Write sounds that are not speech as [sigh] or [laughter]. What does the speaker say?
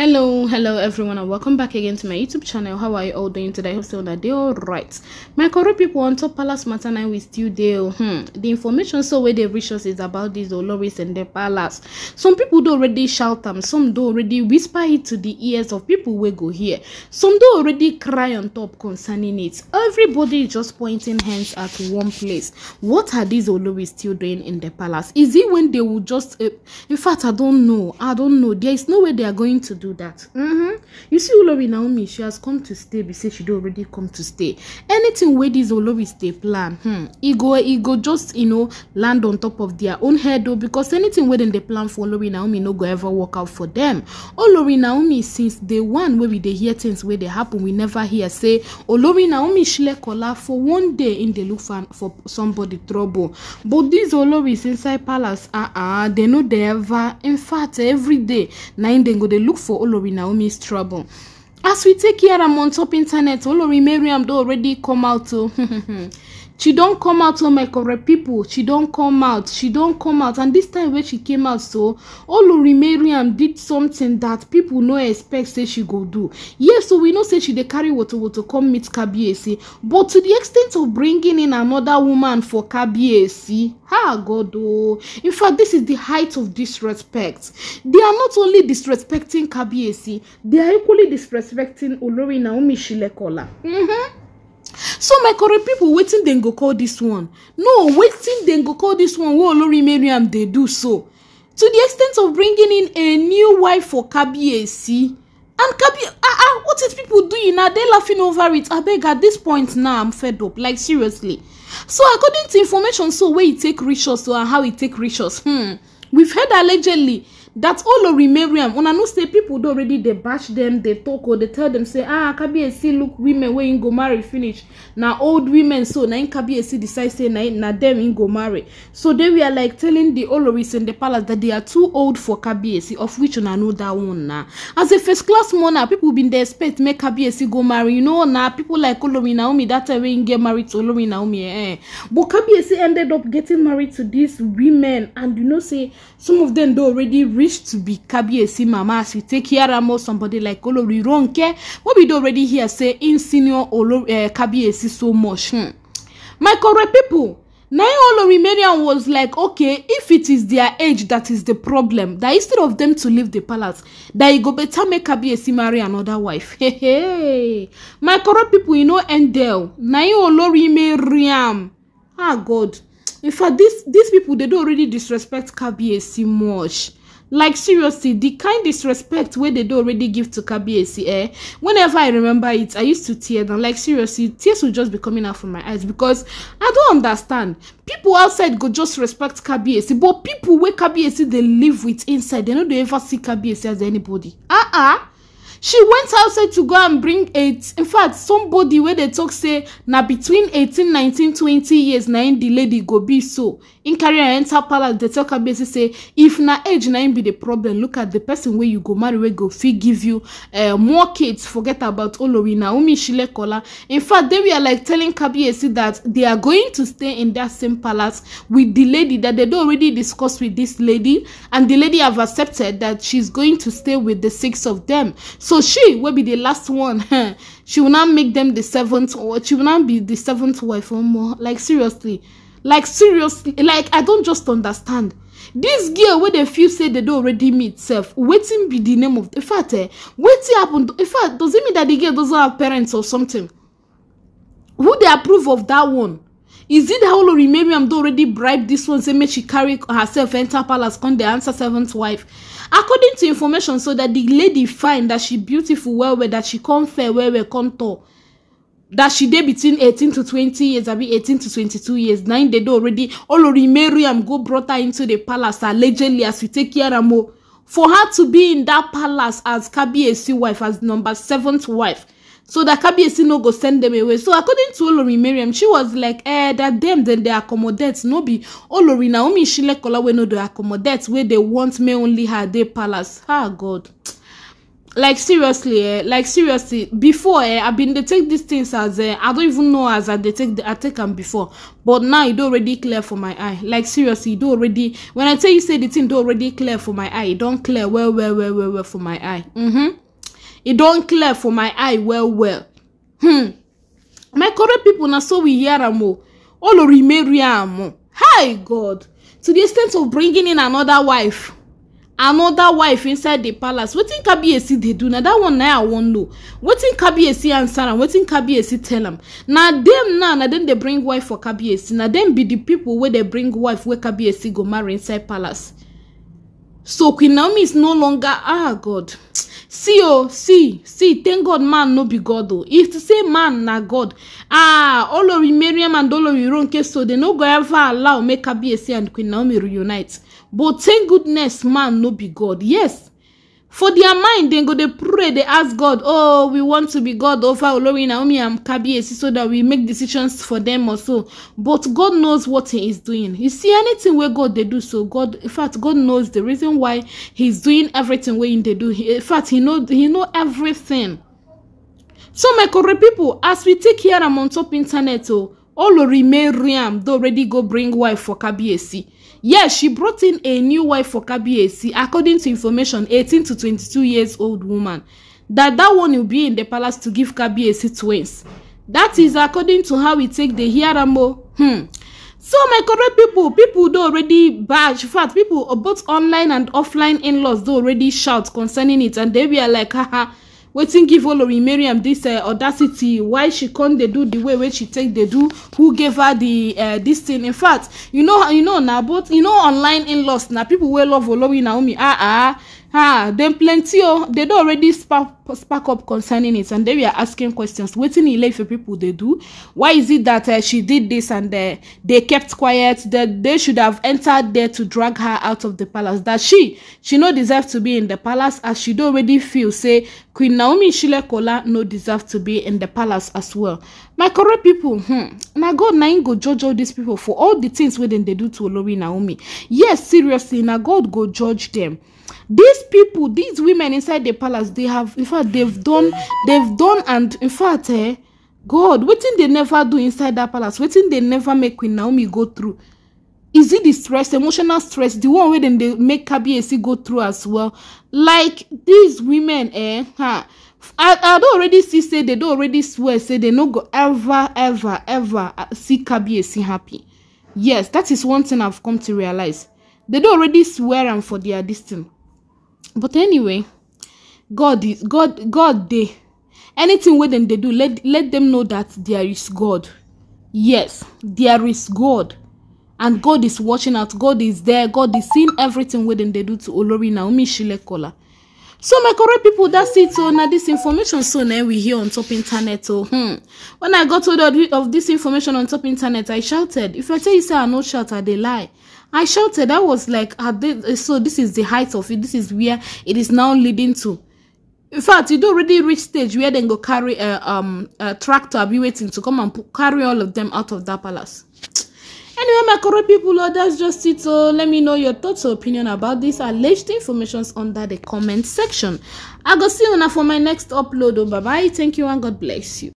hello hello everyone and welcome back again to my youtube channel how are you all doing today I hope so that they all right my correct people on top palace matter now We still there hmm. the information so where they reach us is about this oloris and the palace some people do already shout them some do already whisper it to the ears of people we go here some do already cry on top concerning it everybody just pointing hands at one place what are these oloris still doing in the palace is it when they will just uh, in fact i don't know i don't know there is no way they are going to do that mm-hmm. you see olori naomi she has come to stay be say she don already come to stay anything where dis Olori stay plan hmm, e go e go just you know, land on top of their own head though, because anything wey dem plan for olori naomi no go ever work out for them. olori naomi since day one wey we they hear things where they happen we never hear say olori naomi shilekola for one day in the look for, for somebody trouble but dis oloris inside palace uh -uh, they no dey ever in fact every day na they go they look for Olori Naomi's trouble. As we take here, I'm on top internet. Olori Mariam, do already come out to. Oh. [laughs] she don come out oh my correct people. she don come out she don come out and this time wey she came out so olori did something that people no expect say she go do yes so we know say she dey carry woto woto come meet kabiyesi but to di extent of bringing in another woman for kabiyesi ah god oh! in fact this is the height of disrespect they are not only disrespecting kabiyesi they are equally disrespecting olori naomi shilekola. Mm -hmm so my correct people waiting then go call this one no waiting then go call this one wey Lori mariam they do so to the extent of bringing in a new wife for kabiyesi and kabi ah ah what is people doing now? They laughing over it I beg at this point now i'm fed up like seriously so according to information so where e take riches so and how it take riches. hmm we've heard allegedly that olori mariam una know say people don already dey bash dem dey talk or dey tell dem say ah kabiyesi look women wey im go marry finish na old women so na im kabiyesi decide say na na dem im go marry so then we are like telling the oloris in the palace that they are too old for kabiyesi of which una know that one na as a first class monarch pipo bin dey expect make kabiyesi go marry you know na people like olori naomi that time wey im get married to olori naomi eh, eh. but kabiyesi ended up getting married to these women and you know say some of dem don already reach to be Kabiesi Mama as we take Yaramo, somebody like Olori Ronke. What we do already here say, senior Olori uh, eh, Kabiesi so much. Hmm. My correct people, now Olori Mariam was like, okay, if it is their age that is the problem, that instead of them to leave the palace, that it go better make Kabiesi marry another wife. [laughs] Hey, hey. My corrupt people, you know, and Endel. Now Olori Mariam. Ah, God. In fact, these, these people, they don't already disrespect Kabiesi much like seriously the kind disrespect where they do already give to kabiyesi eh whenever i remember it i used to tear down like seriously tears would just be coming out from my eyes because i don't understand people outside go just respect kabiyesi but people wey kabiyesi they live with inside They no dey ever see kabiyesi as anybody ah ah she went outside to go and bring it. in fact somebody where they talk say now between eighteen nineteen twenty years na im the lady go be so in carry enter palace dey tell kabiyesi say if na age na im be the problem look at the person wey you go marry wey go fit give you uh, more kids forget about olori naomi shilekola in fact they were like telling kabiyesi that they are going to stay in that same palace with the lady that they don already discuss with this lady and the lady have accepted that she's going to stay with the six of them so she will be the last one [laughs] she will now make them the seventh or she will now be the seventh wife or more like seriously like seriously like i don just understand This girl wey dey feel say dey don already meet sef wetin be the name of the fact eh wetin happen in fact does it mean that the girl doesn't have parents or something who dey approve of that one is it that olori mariam don already bribe this one say make she carry herself enter palace come dey answer seventh wife according to information so that the lady find that she beautiful well well that she come fair well well come tall that she dey between 18 to 20 years abi 18 to 22 years na im dey do already olori mariam go brought her into the palace allegedly as we take hear am o for her to be in that palace as kabiyesi wife as number seventh wife so that kabiyesi no go send them away so according to olori mariam she was like eh that dem dem dey accommodate no be olori naomi shilekola wey no dey accommodate wey dey want make only her dey palace ah god like seriously eh like seriously before eh i bin dey take these things as eh i don't even know as i dey take i take am before but now e don already clear for my eye like seriously e don already when i tell you say the thing don already clear for my eye e don clear well well well well well for my eye mm-hmm. e don clear for my eye well well hmm my correct people na so we hear am o olori mary am o oh. hi god to the extent of bringing in another wife another wife inside the palace wetin kabiyesi dey do na that one na i wan know wetin kabiyesi answer am wetin kabiyesi tell am na dem now na dem dey bring wife for kabiyesi na dem be the people wey dey bring wife wey kabiyesi go marry inside palace so queen naomi is no longer ah god see oh see see thank god man no be god o oh. if to say man na god ah olori mariam and olori ronke so they no go ever allow make kabiyesi and queen naomi reunite but thank goodness man no be god yes for their mind dem go dey pray dey ask god oh we want to be god over olori naomi and kabiyesi so that we make decisions for them also but god knows what he is doing you see anything wey god dey do so god in fact god knows the reason why he is doing everything wey he dey do in fact he know he know everything so my correct people as we take hear am on top internet o. Oh, Olori Mariam, though already go bring wife for Kabiesi. Yes, she brought in a new wife for Kabiesi, according to information, 18 to 22 years old woman. That that one will be in the palace to give Kabiesi twins. That is according to how we take the Hiaramo. Hmm. So my correct people, people do already bash, fat people, both online and offline inlaws laws do already shout concerning it and they were like, haha, wetin give olori mariam this uh, audacity why she come dey do the way wey she take dey do who gave her the uh, this thing in fact you know you know na both you know online in-laws na people wey love olori naomi ah ah ah dem plenty Oh, they don already spark, spark up concerning it and they were asking questions wetin ileife people dey do why is it that uh, she did this and uh, they kept quiet that they should have entered there to drag her out of the palace that she she no deserve to be in the palace as she don already feel say queen naomi Shilekola no deserve to be in the palace as well my correct people hmm, na god na im go judge all these people for all the things wey dem dey do to olori naomi yes seriously na god go judge dem these people these women inside the palace they have in fact they've done they've done and in fact eh, god wetin they never do inside that palace wetin they never make queen naomi go through is it the stress emotional stress the one way dem dey make kabiyesi go through as well like these women eh huh, i i don already see say they don already swear say they no go ever ever ever uh, see kabiyesi happy yes that is one thing i've come to realize they don already swear am for their this but anyway god is god god dey anything wey dem dey do let let dem know that there is god yes there is god and god is watching out god is there god is seeing everything wey dem dey do to olori naomi shilekola so my correct pipo that's it o na this information so na we hear on top internet o oh. hmm when i got hold of this information on top internet i shouted if i tell you say i no shout i dey lie I shouted. I was like, ah, so this is the height of it. This is where it is now leading to. In fact, you don't already reach stage where they go carry a, um, a tractor. I'll be waiting to come and put, carry all of them out of that palace. Anyway, my correct people, oh, that's just it. So oh. let me know your thoughts or opinion about this alleged information under the comment section. I'll go see you now for my next upload. Oh, bye bye. Thank you and God bless you.